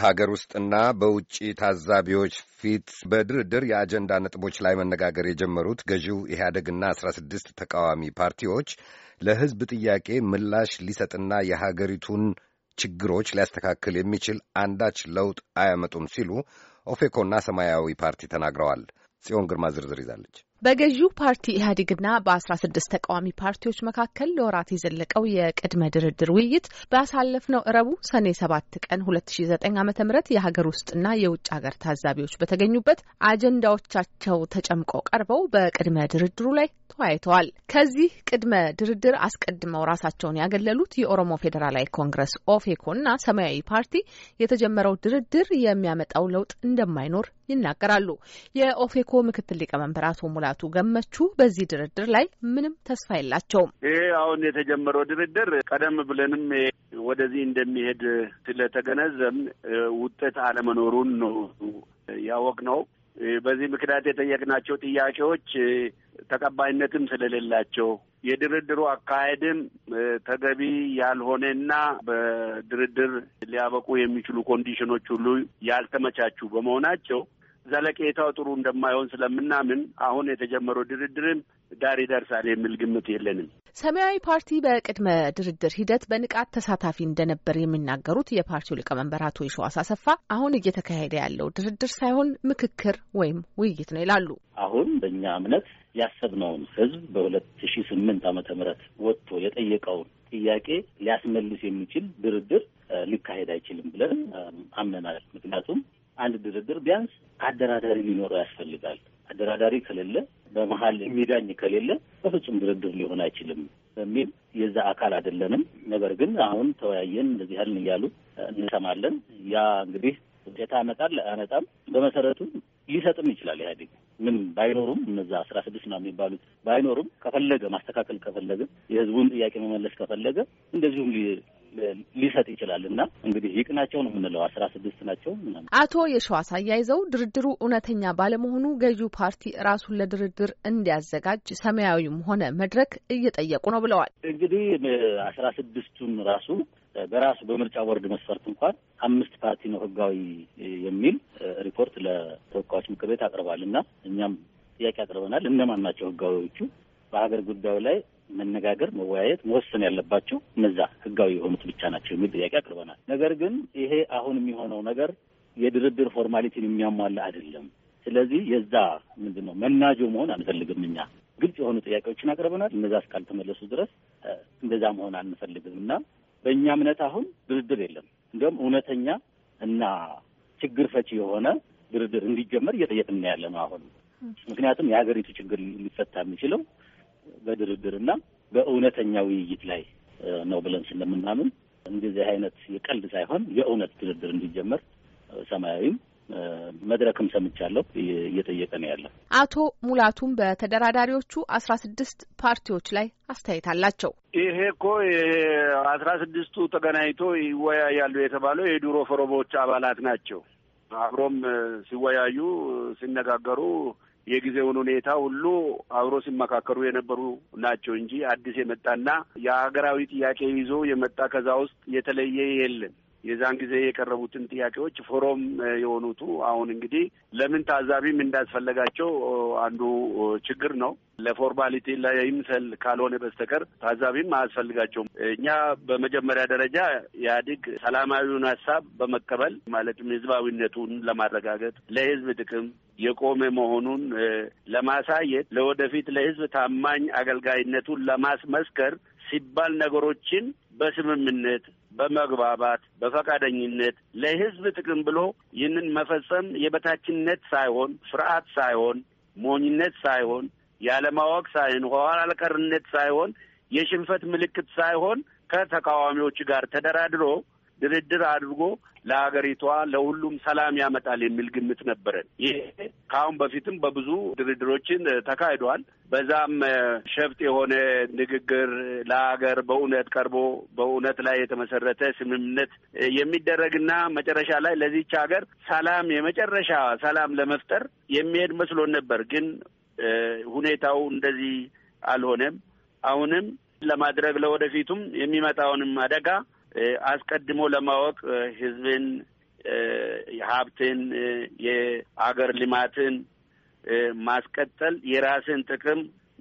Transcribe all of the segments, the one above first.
በሀገር ውስጥና በውጭ ታዛቢዎች ፊት በድርድር የአጀንዳ ነጥቦች ላይ መነጋገር የጀመሩት ገዢው ኢህአደግና አስራ ስድስት ተቃዋሚ ፓርቲዎች ለሕዝብ ጥያቄ ምላሽ ሊሰጥና የሀገሪቱን ችግሮች ሊያስተካክል የሚችል አንዳች ለውጥ አያመጡም ሲሉ ኦፌኮና ሰማያዊ ፓርቲ ተናግረዋል። ጽዮን ግርማ ዝርዝር ይዛለች። በገዢው ፓርቲ ኢህአዴግና በ16 ተቃዋሚ ፓርቲዎች መካከል ለወራት የዘለቀው የቅድመ ድርድር ውይይት ባሳለፍነው ረቡዕ ሰኔ 7 ቀን 2009 ዓ ም የሀገር ውስጥና የውጭ ሀገር ታዛቢዎች በተገኙበት አጀንዳዎቻቸው ተጨምቀው ቀርበው በቅድመ ድርድሩ ላይ ተወያይተዋል። ከዚህ ቅድመ ድርድር አስቀድመው ራሳቸውን ያገለሉት የኦሮሞ ፌዴራላዊ ኮንግረስ ኦፌኮና ሰማያዊ ፓርቲ የተጀመረው ድርድር የሚያመጣው ለውጥ እንደማይኖር ይናገራሉ። የኦፌኮ ምክትል ሊቀመንበር አቶ ሙላ አስራት ገመቹ በዚህ ድርድር ላይ ምንም ተስፋ የላቸውም። ይሄ አሁን የተጀመረው ድርድር ቀደም ብለንም ወደዚህ እንደሚሄድ ስለተገነዘም ውጤት አለመኖሩን ነው ያወቅ ነው። በዚህ ምክንያት የጠየቅናቸው ጥያቄዎች ተቀባይነትም ስለሌላቸው የድርድሩ አካሄድም ተገቢ ያልሆነና በድርድር ሊያበቁ የሚችሉ ኮንዲሽኖች ሁሉ ያልተመቻቹ በመሆናቸው ዘለቄታው ጥሩ እንደማይሆን ስለምናምን አሁን የተጀመረው ድርድርም ዳር ይደርሳል የሚል ግምት የለንም። ሰማያዊ ፓርቲ በቅድመ ድርድር ሂደት በንቃት ተሳታፊ እንደነበር የሚናገሩት የፓርቲው ሊቀመንበር አቶ የሸዋስ አሰፋ አሁን እየተካሄደ ያለው ድርድር ሳይሆን ምክክር ወይም ውይይት ነው ይላሉ። አሁን በእኛ እምነት ያሰብነውን ህዝብ በሁለት ሺ ስምንት ዓመተ ምህረት ወጥቶ የጠየቀውን ጥያቄ ሊያስመልስ የሚችል ድርድር ሊካሄድ አይችልም ብለን አምነናል። ምክንያቱም አንድ ድርድር ቢያንስ አደራዳሪ ሊኖረው ያስፈልጋል። አደራዳሪ ከሌለ፣ በመሀል የሚዳኝ ከሌለ በፍጹም ድርድር ሊሆን አይችልም በሚል የዛ አካል አይደለንም። ነገር ግን አሁን ተወያየን እንደዚህ ያህል እያሉ እንሰማለን። ያ እንግዲህ ውጤታ አመጣል አያመጣም፣ በመሰረቱ ሊሰጥም ይችላል ኢህአዴግ ምን ባይኖሩም እነዛ አስራ ስድስት ነው የሚባሉት ባይኖሩም ከፈለገ ማስተካከል ከፈለገ የህዝቡን ጥያቄ መመለስ ከፈለገ እንደዚሁም ሊሰጥ ይችላል እና እንግዲህ ይቅናቸው ነው የምንለው አስራ ስድስት ናቸው አቶ የሸዋስ አያይዘው ድርድሩ እውነተኛ ባለመሆኑ ገዢው ፓርቲ ራሱን ለድርድር እንዲያዘጋጅ ሰማያዊም ሆነ መድረክ እየጠየቁ ነው ብለዋል። እንግዲህ አስራ ስድስቱን ራሱ በራሱ በምርጫ ቦርድ መስፈርት እንኳን አምስት ፓርቲ ነው ህጋዊ የሚል ሪፖርት ለተወካዮች ምክር ቤት አቅርቧል እና እኛም ጥያቄ አቅርበናል። እነማን ናቸው ህጋዊዎቹ? በሀገር ጉዳዩ ላይ መነጋገር፣ መወያየት፣ መወሰን ያለባቸው እነዛ ህጋዊ የሆኑት ብቻ ናቸው የሚል ጥያቄ አቅርበናል። ነገር ግን ይሄ አሁን የሚሆነው ነገር የድርድር ፎርማሊቲን የሚያሟላ አይደለም። ስለዚህ የዛ ምንድን ነው መናጆ መሆን አንፈልግም። እኛ ግልጽ የሆኑ ጥያቄዎችን አቅርበናል። እነዛ እስካልተመለሱ ድረስ እንደዛ መሆን አንፈልግም እና በእኛ እምነት አሁን ድርድር የለም። እንዲሁም እውነተኛ እና ችግር ፈቺ የሆነ ድርድር እንዲጀመር እየጠየቅን ያለ ነው አሁን ምክንያቱም የሀገሪቱ ችግር ሊፈታ የሚችለው በድርድር እና በእውነተኛ ውይይት ላይ ነው ብለን ስለምናምን እንደዚህ አይነት የቀልድ ሳይሆን የእውነት ድርድር እንዲጀመር ሰማያዊም መድረክም ሰምቻለሁ እየጠየቀ ነው ያለ። አቶ ሙላቱም በተደራዳሪዎቹ አስራ ስድስት ፓርቲዎች ላይ አስተያየት አላቸው። ይሄ እኮ አስራ ስድስቱ ተገናኝቶ ይወያያሉ የተባለው የድሮ ፈረቦች አባላት ናቸው። አብሮም ሲወያዩ ሲነጋገሩ የጊዜውን ሁኔታ ሁሉ አብሮ ሲመካከሩ የነበሩ ናቸው እንጂ አዲስ የመጣና የሀገራዊ ጥያቄ ይዞ የመጣ ከዛ ውስጥ የተለየ የለም። የዛን ጊዜ የቀረቡትን ጥያቄዎች ፎረም የሆኑቱ አሁን እንግዲህ ለምን ታዛቢም እንዳስፈለጋቸው አንዱ ችግር ነው። ለፎርማሊቲ ለይምሰል ካልሆነ በስተቀር ታዛቢም አያስፈልጋቸውም። እኛ በመጀመሪያ ደረጃ ኢህአዴግ ሰላማዊውን ሀሳብ በመቀበል ማለትም ህዝባዊነቱን ለማረጋገጥ ለህዝብ ጥቅም የቆመ መሆኑን ለማሳየት ለወደፊት ለህዝብ ታማኝ አገልጋይነቱን ለማስመስከር ሲባል ነገሮችን በስምምነት በመግባባት በፈቃደኝነት ለህዝብ ጥቅም ብሎ ይህንን መፈጸም የበታችነት ሳይሆን ፍርሃት ሳይሆን ሞኝነት ሳይሆን ያለማወቅ ሳይሆን ኋላ ቀርነት ሳይሆን የሽንፈት ምልክት ሳይሆን ከተቃዋሚዎች ጋር ተደራድሮ ድርድር አድርጎ ለሀገሪቷ ለሁሉም ሰላም ያመጣል የሚል ግምት ነበረን። ይህ ከአሁን በፊትም በብዙ ድርድሮችን ተካሂዷል። በዛም ሸፍጥ የሆነ ንግግር ለሀገር በእውነት ቀርቦ በእውነት ላይ የተመሰረተ ስምምነት የሚደረግና መጨረሻ ላይ ለዚች ሀገር ሰላም የመጨረሻ ሰላም ለመፍጠር የሚሄድ መስሎን ነበር። ግን ሁኔታው እንደዚህ አልሆነም። አሁንም ለማድረግ ለወደፊቱም የሚመጣውንም አደጋ አስቀድሞ ለማወቅ ህዝብን፣ ሀብትን፣ የአገር ልማትን ማስቀጠል የራስን ጥቅም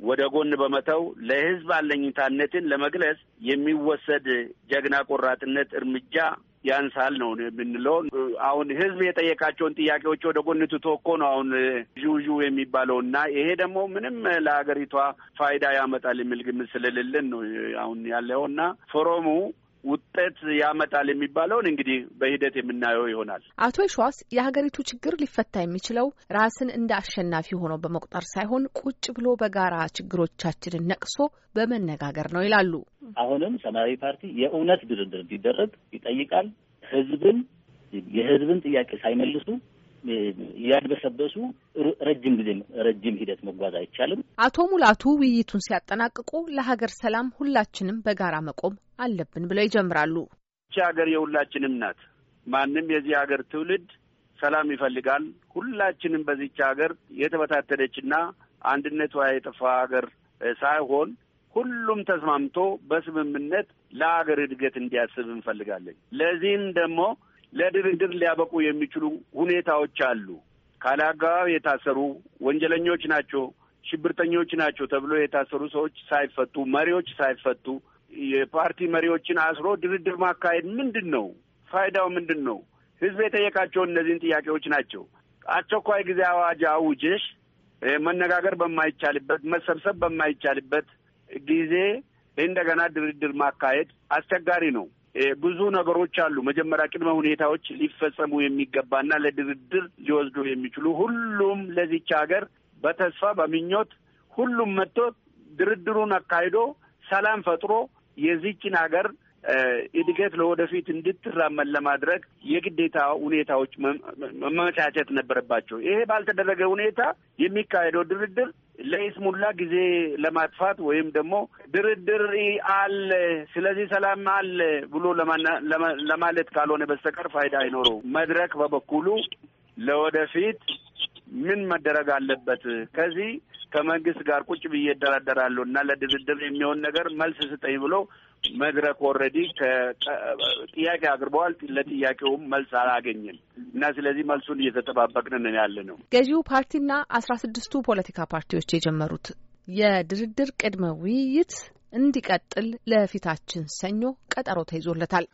ወደ ጎን በመተው ለህዝብ አለኝታነትን ለመግለጽ የሚወሰድ ጀግና ቆራጥነት እርምጃ ያንሳል ነው የምንለው። አሁን ህዝብ የጠየቃቸውን ጥያቄዎች ወደ ጎን ትቶ እኮ ነው አሁን ዥውዥ የሚባለው እና ይሄ ደግሞ ምንም ለሀገሪቷ ፋይዳ ያመጣል የሚል ግምት ስለሌለን ነው አሁን ያለው እና ፎረሙ ውጤት ያመጣል የሚባለውን እንግዲህ በሂደት የምናየው ይሆናል። አቶ ይሸዋስ የሀገሪቱ ችግር ሊፈታ የሚችለው ራስን እንደ አሸናፊ ሆኖ በመቁጠር ሳይሆን ቁጭ ብሎ በጋራ ችግሮቻችንን ነቅሶ በመነጋገር ነው ይላሉ። አሁንም ሰማያዊ ፓርቲ የእውነት ድርድር እንዲደረግ ይጠይቃል። ህዝብን የህዝብን ጥያቄ ሳይመልሱ ያድበሰበሱ ረጅም ጊዜ ረጅም ሂደት መጓዝ አይቻልም። አቶ ሙላቱ ውይይቱን ሲያጠናቅቁ ለሀገር ሰላም ሁላችንም በጋራ መቆም አለብን ብለው ይጀምራሉ። ይቺ ሀገር የሁላችንም ናት። ማንም የዚህ ሀገር ትውልድ ሰላም ይፈልጋል። ሁላችንም በዚች ሀገር የተበታተነችና አንድነቷ የጠፋ ሀገር ሳይሆን ሁሉም ተስማምቶ በስምምነት ለሀገር እድገት እንዲያስብ እንፈልጋለን። ለዚህም ደግሞ ለድርድር ሊያበቁ የሚችሉ ሁኔታዎች አሉ። ካለ አግባብ የታሰሩ ወንጀለኞች ናቸው፣ ሽብርተኞች ናቸው ተብሎ የታሰሩ ሰዎች ሳይፈቱ፣ መሪዎች ሳይፈቱ፣ የፓርቲ መሪዎችን አስሮ ድርድር ማካሄድ ምንድን ነው ፋይዳው? ምንድን ነው? ህዝብ የጠየቃቸው እነዚህን ጥያቄዎች ናቸው። አስቸኳይ ጊዜ አዋጅ አውጀሽ መነጋገር በማይቻልበት መሰብሰብ በማይቻልበት ጊዜ እንደገና ድርድር ማካሄድ አስቸጋሪ ነው። ብዙ ነገሮች አሉ። መጀመሪያ ቅድመ ሁኔታዎች ሊፈጸሙ የሚገባና ለድርድር ሊወስዱ የሚችሉ ሁሉም ለዚች ሀገር በተስፋ በምኞት ሁሉም መጥቶ ድርድሩን አካሂዶ ሰላም ፈጥሮ የዚችን ሀገር እድገት ለወደፊት እንድትራመን ለማድረግ የግዴታ ሁኔታዎች መመቻቸት ነበረባቸው። ይሄ ባልተደረገ ሁኔታ የሚካሄደው ድርድር ለይስሙላ ጊዜ ለማጥፋት ወይም ደግሞ ድርድር አለ፣ ስለዚህ ሰላም አለ ብሎ ለማለት ካልሆነ በስተቀር ፋይዳ አይኖረው መድረክ በበኩሉ ለወደፊት ምን መደረግ አለበት ከዚህ ከመንግስት ጋር ቁጭ ብዬ እደራደራለሁ እና ለድርድር የሚሆን ነገር መልስ ስጠኝ ብሎ መድረክ ኦልሬዲ ጥያቄ አቅርበዋል። ለጥያቄውም መልስ አላገኝም። እና ስለዚህ መልሱን እየተጠባበቅን ነን ያለ ነው። ገዢው ፓርቲና አስራ ስድስቱ ፖለቲካ ፓርቲዎች የጀመሩት የድርድር ቅድመ ውይይት እንዲቀጥል ለፊታችን ሰኞ ቀጠሮ ተይዞለታል።